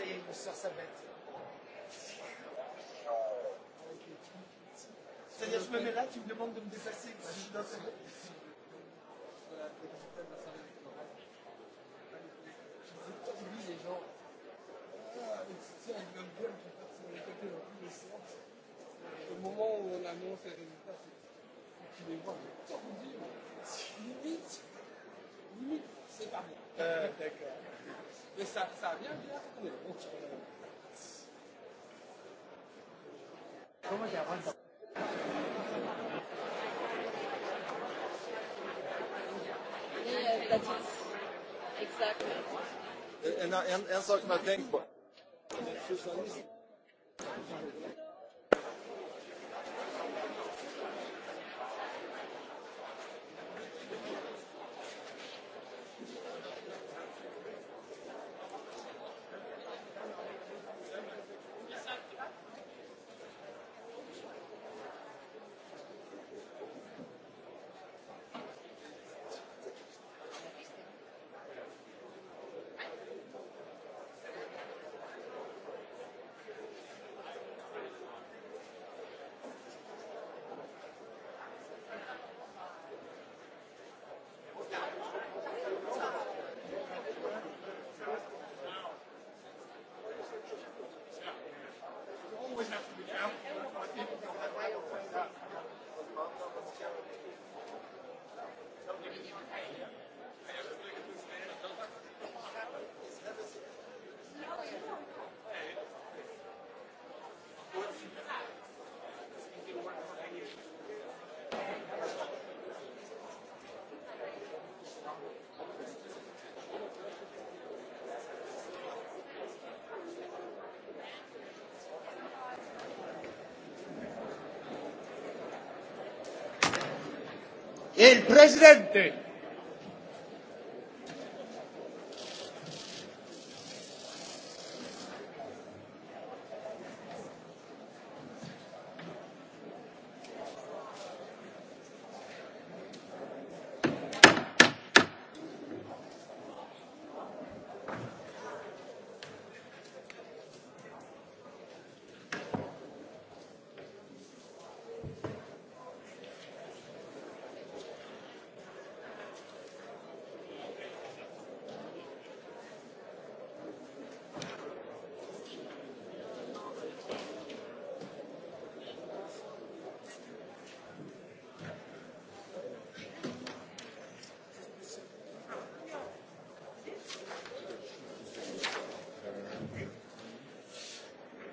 conseiller pour faire sa bête. C'est-à-dire, je me mets là, tu me demandes de me dépasser. Bah, je suis dans cette... Au moment où on annonce les résultats, tu les vois tordus. Limite, limite, c'est pas bien. Euh, D'accord. でさ、さ、みんな見なくてね、もうちょっと。¿Cómo te aguanta? that is exactly. And, and, and so I think, but... El presidente.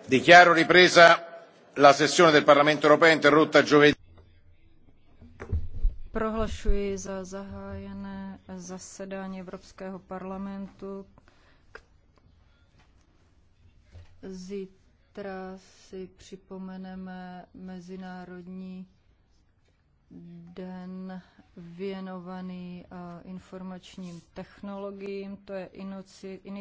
dichiaro ripresa la sessione del parlamento europeo interrotta giovedì. prohlašuji za zahájené zasedání evropského parlamentu zítra si připomeneme mezinárodní den věnovaný informačním technologiím to je iniciativa